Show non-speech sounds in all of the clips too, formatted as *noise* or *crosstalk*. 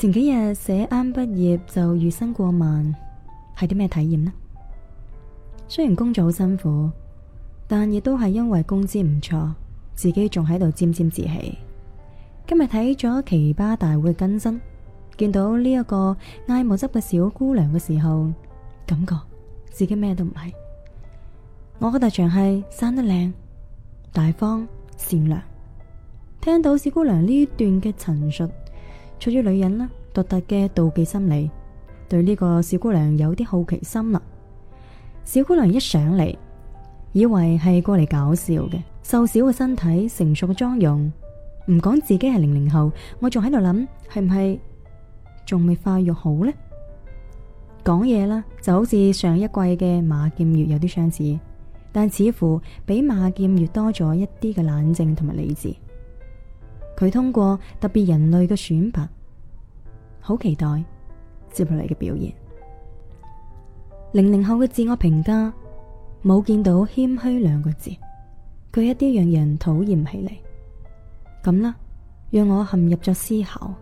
前幾日寫啱畢業就月薪過萬，係啲咩體驗呢？雖然工作好辛苦，但亦都係因為工資唔錯，自己仲喺度沾沾自喜。今日睇咗奇葩大會嘅更新，見到呢一個叫木汁嘅小姑娘嘅時候，感覺自己咩都唔係。我嘅特長係生得靚、大方、善良。聽到小姑娘呢段嘅陳述。出於女人啦，獨特嘅妒忌心理，對呢個小姑娘有啲好奇心啦。小姑娘一上嚟，以為係過嚟搞笑嘅，瘦小嘅身體，成熟嘅妝容，唔講自己係零零後，我仲喺度諗係唔係仲未化育好呢？講嘢啦，就好似上一季嘅馬劍越有啲相似，但似乎比馬劍越多咗一啲嘅冷靜同埋理智。佢通過特別人類嘅選拔，好期待接落嚟嘅表現。零零後嘅自我評價冇見到謙虛兩個字，佢一啲讓人討厭起嚟咁啦。讓我陷入咗思考。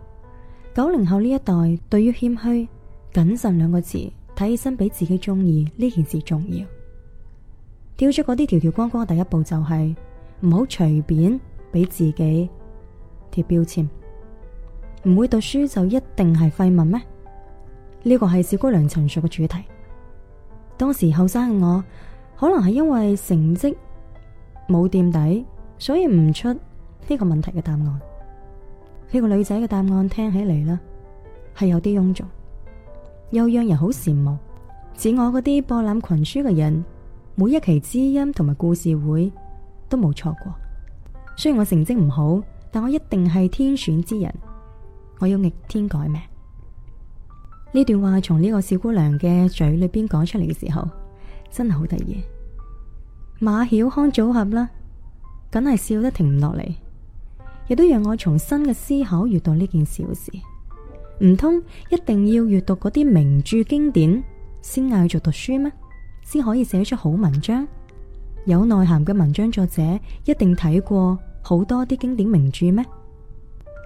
九零後呢一代對於謙虛、謹慎兩個字睇起身比自己中意呢件事重要。跳出嗰啲條條框框第一步就係唔好隨便俾自己。貼標籤，唔會讀書就一定係廢物咩？呢個係小姑娘陳述嘅主題。當時後生嘅我，可能係因為成績冇墊底，所以唔出呢個問題嘅答案。呢個女仔嘅答案聽起嚟啦，係有啲庸俗，又讓人好羨慕。似我嗰啲博覽群書嘅人，每一期知音同埋故事會都冇錯過。雖然我成績唔好。但我一定係天選之人，我要逆天改命。呢段話從呢個小姑娘嘅嘴裏邊講出嚟嘅時候，真係好得意。馬曉康組合啦，梗係笑得停唔落嚟，亦都讓我重新嘅思考閱讀呢件小事。唔通一定要閱讀嗰啲名著經典，先嗌做讀書咩？先可以寫出好文章，有內涵嘅文章，作者一定睇過。好多啲經典名著咩？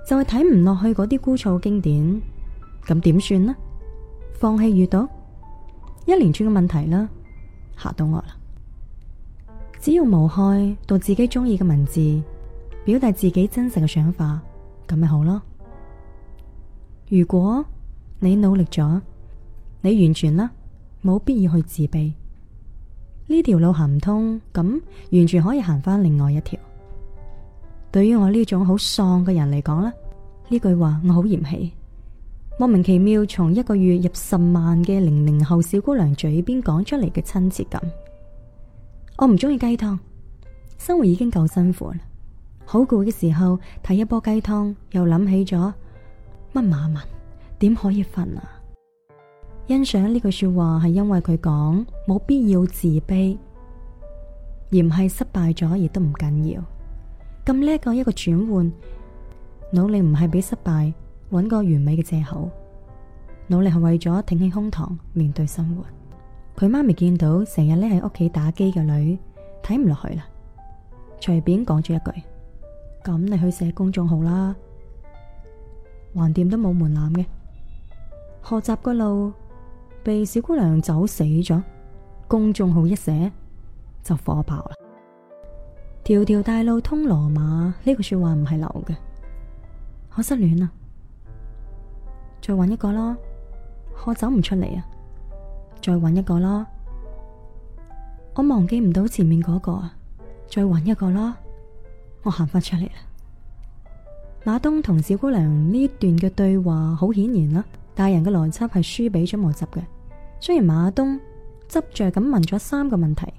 就係睇唔落去嗰啲枯燥經典，咁點算呢？放棄閱讀，一連串嘅問題啦，吓到我啦。只要無害到自己中意嘅文字，表達自己真實嘅想法，咁咪好咯。如果你努力咗，你完全啦冇必要去自卑。呢條路行唔通，咁完全可以行返另外一條。對於我呢種好喪嘅人嚟講啦，呢句話我好嫌棄。莫名其妙從一個月入十萬嘅零零後小姑娘嘴邊講出嚟嘅親切感，我唔中意雞湯，生活已經夠辛苦啦。好攰嘅時候睇一波雞湯，又諗起咗冇碼文，點可以瞓啊？欣賞呢句說話係因為佢講冇必要自卑，而唔係失敗咗亦都唔緊要。咁叻一個一個轉換，努力唔係俾失敗，揾個完美嘅借口，努力係為咗挺起胸膛面對生活。佢媽咪見到成日匿喺屋企打機嘅女，睇唔落去啦，隨便講咗一句：咁你去寫公眾號啦，橫掂都冇門檻嘅。學習嘅路被小姑娘走死咗，公眾號一寫就火爆啦。條條大路通羅馬，呢個說話唔係流嘅。我失戀啦，再搵一個咯。我走唔出嚟啊，再搵一個咯。我忘記唔到前面嗰、那個啊，再搵一個咯，我行翻出嚟啦。馬東同小姑娘呢段嘅對話，好顯然啦，大人嘅邏輯係輸俾咗木汁嘅，雖然馬東執着咁問咗三個問題。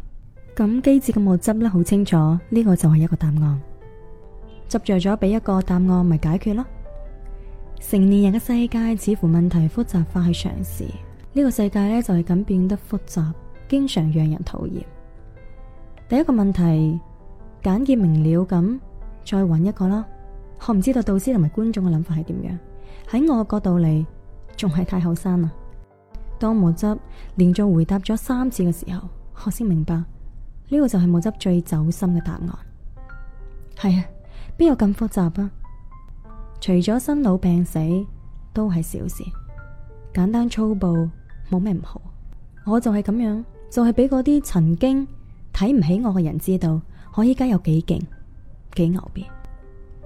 咁機智嘅木汁咧，好清楚呢、這個就係一個答案。執着咗俾一個答案，咪解決咯。成年人嘅世界似乎問題複雜化去嘗試，呢、這個世界咧就係咁變得複雜，經常讓人討厭。第一個問題簡潔明了咁，再揾一個啦。我唔知道導師同埋觀眾嘅諗法係點樣，喺我嘅角度嚟，仲係太後生啊。當木汁連續回答咗三次嘅時候，我先明白。呢個就係木汁最走心嘅答案，係啊，邊有咁複雜啊？除咗生老病死，都係小事，簡單粗暴冇咩唔好。我就係咁樣，就係俾嗰啲曾經睇唔起我嘅人知道，我依家有幾勁，幾牛逼。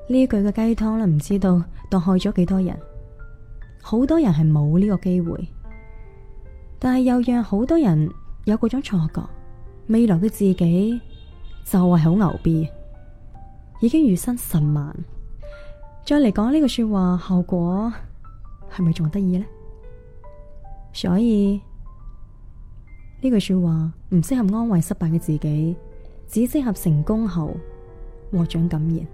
呢句嘅雞湯咧，唔知道當害咗幾多人，好多人係冇呢個機會，但係又讓好多人有嗰種錯覺。未來嘅自己就係好牛逼，已經月薪十萬，再嚟講呢句說話，效果係咪仲得意呢？所以呢句說話唔適合安慰失敗嘅自己，只適合成功後獲獎感言，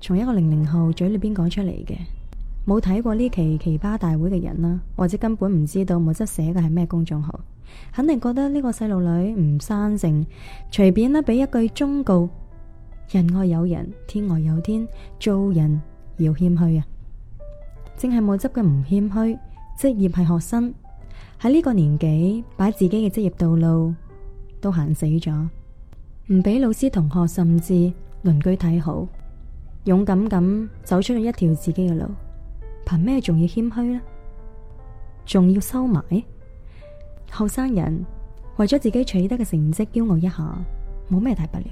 從一個零零後嘴裏邊講出嚟嘅。冇睇過呢期奇葩大會嘅人啦，或者根本唔知道木汁寫嘅係咩公眾號，肯定覺得呢個細路女唔生性，隨便咧俾一句忠告：人外有人，天外有天，做人要謙虛啊！正係木汁嘅唔謙虛，職業係學生喺呢個年紀，把自己嘅職業道路都行死咗，唔俾老師同學甚至鄰居睇好，勇敢咁走出咗一條自己嘅路。憑咩仲要謙虛呢？仲要收埋？後生人為咗自己取得嘅成績驕傲一下，冇咩大不了。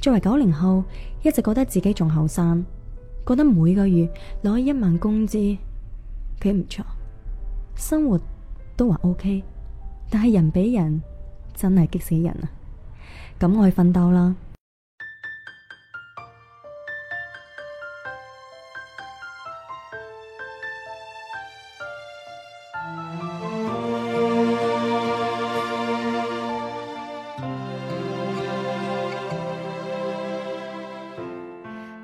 作為九零後，一直覺得自己仲後生，覺得每個月攞一萬工資，幾唔錯，生活都還 OK。但係人比人，真係激死人啊！咁我去奮鬥啦。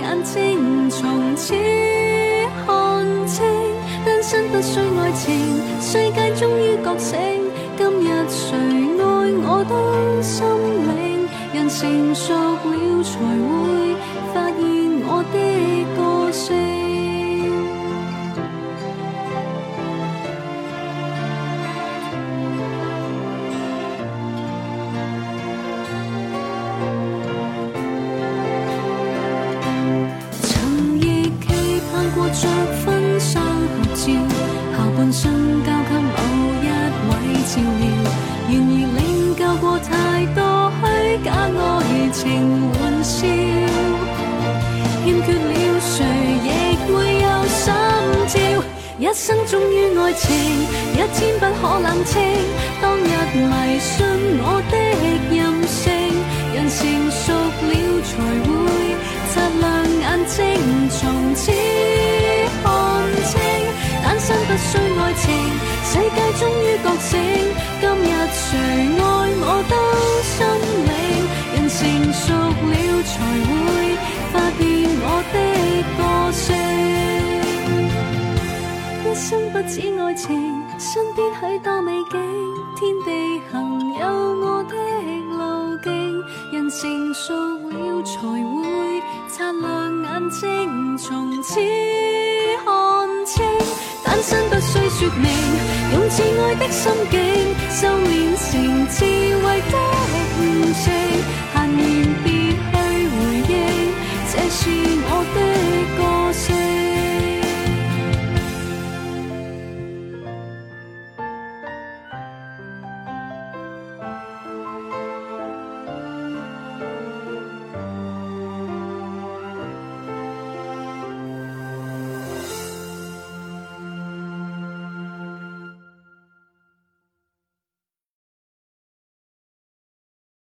眼睛從此看清，單身不需愛情，世界終於覺醒。今日誰愛我都心領，人成熟了才會。纏綿，然而領教過太多虛假愛情玩笑，欠缺了誰亦會有心照。一生忠於愛情，一天不可冷清。當日迷信我的任性，人成熟了才會擦亮眼睛，從此看清。單身不需愛情。世界終於覺醒，今日誰愛我都心領。人成熟了才會發現我的個性。一生不止愛情，身邊許多美景，天地行有我的路徑。人成熟了才會擦亮眼睛，從此看清。單身不需説明。自愛的心境，修煉成智慧的悟性。 *noise*